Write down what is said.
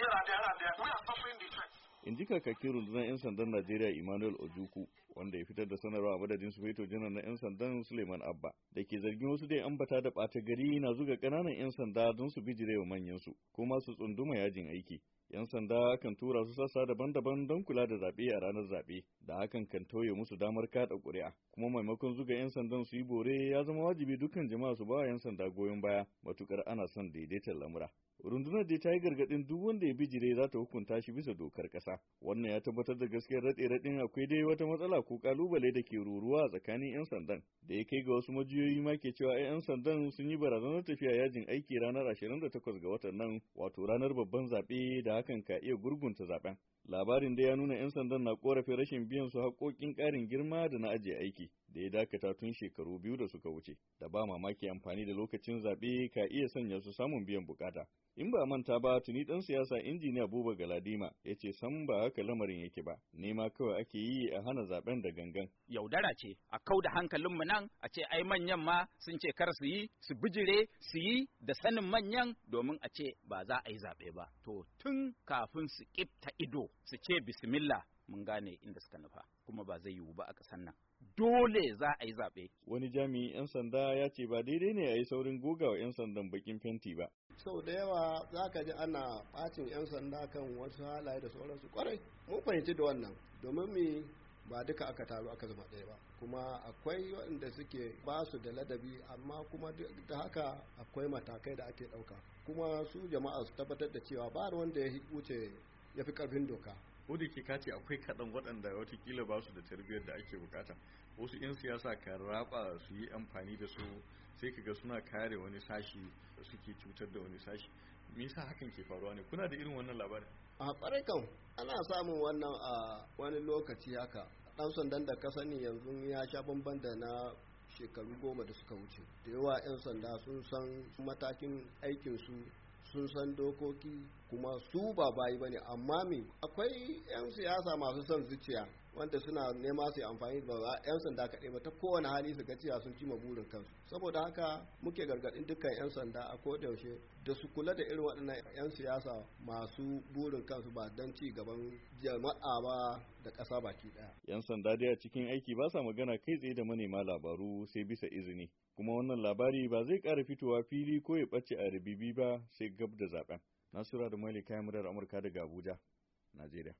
here and there and there. We are suffering the effects. in ji kakakin rundunar 'yan sandan najeriya emmanuel ojuku wanda ya fitar da sanarwa a madadin sufeto janar na 'yan sandan suleiman abba da ke zargin wasu da ambata da ɓata gari na zuga ƙananan 'yan sanda don su wa manyansu kuma su tsunduma yajin aiki 'yan sanda kan tura su sassa daban-daban don kula da zaɓe a ranar zaɓe da hakan kan tauye musu damar kaɗa ƙuri'a kuma maimakon zuga 'yan sandan su yi bore ya zama wajibi dukkan jama'a su ba 'yan sanda goyon baya matukar ana son daidaitar lamura rundunar dai ta yi gargaɗin duk wanda ya bijire za ta hukunta shi bisa dokar ƙasa ƙasa. Wannan ya tabbatar da gaskiyar raɗe raɗin akwai dai wata matsala ko ƙalubale da ke ruruwa tsakanin 'yan sandan. Da ya kai ga wasu majiyoyi ma ke cewa 'yan sandan sun yi barazanar tafiya yajin aiki ranar 28 ga watan nan wato ranar babban zaɓe da hakan ka iya gurgunta zaɓen. Labarin da ya nuna 'yan sandan na korafin rashin biyan su haƙoƙin ƙarin girma da na ajiye aiki. da ya dakata tun shekaru biyu da suka wuce da ba mamaki amfani da lokacin zaɓe ka iya sanya su samun biyan bukata in ba manta ba tuni dan siyasa injiniya buba galadima ya ce san ba haka lamarin yake ba nema kawai ake yi a hana zaben da gangan yaudara ce a kau da hankalinmu nan a ce ai manyan ma sun ce kar su yi su bijire su yi da sanin manyan domin a ce ba za a yi zaɓe ba to tun kafin su kifta ido su ce bismillah mun gane inda suka nufa kuma ba zai yiwu ba a ƙasan nan dole za a yi zaɓe. Wani jami'in 'yan sanda ya ce ba daidai ne a yi saurin goga wa 'yan sandan bakin fenti ba. Sau da yawa za ka ji ana ɓacin 'yan sanda kan wasu halaye da sauransu kwarai. Mun fahimci da wannan domin mi ba duka aka taru aka zama ɗaya ba kuma akwai waɗanda suke ba su da ladabi amma kuma da haka akwai matakai da ake ɗauka kuma su jama'a su tabbatar da cewa ba wanda ya wuce ya fi ƙarfin doka da ke kace akwai kaɗan waɗanda watakila ba su da tarbiyyar da ake bukata wasu 'yan siyasa kan raba su yi amfani da su sai kaga suna kare wani sashi suke cutar da wani sashi me yasa hakan ke faruwa ne kuna da irin wannan labarin a kan ana samun wannan a wani lokaci haka dan sandan da ka sani yanzu ya sha bamban da na shekaru goma da suka wuce da yawa 'yan sanda sun san matakin aikinsu sun san dokoki kuma su ba bayi bane amma me akwai 'yan siyasa masu son zuciya wanda suna nema su amfani da yan sanda kaɗai ba ta kowane hali su gaciya cewa sun cima burin kansu saboda haka muke gargaɗin dukkan yan sanda a ko yaushe da su kula da irin waɗannan yan siyasa masu burin kansu ba don ci gaban jama'a ba da ƙasa baki ɗaya. yan sanda dai a cikin aiki ba sa magana kai tsaye da manema labaru sai bisa izini kuma wannan labari ba zai ƙara fitowa fili ko ya ɓace a rabibi ba sai gab da zaɓen Nasura da Malika Yamurar Amurka daga Abuja, Najeriya.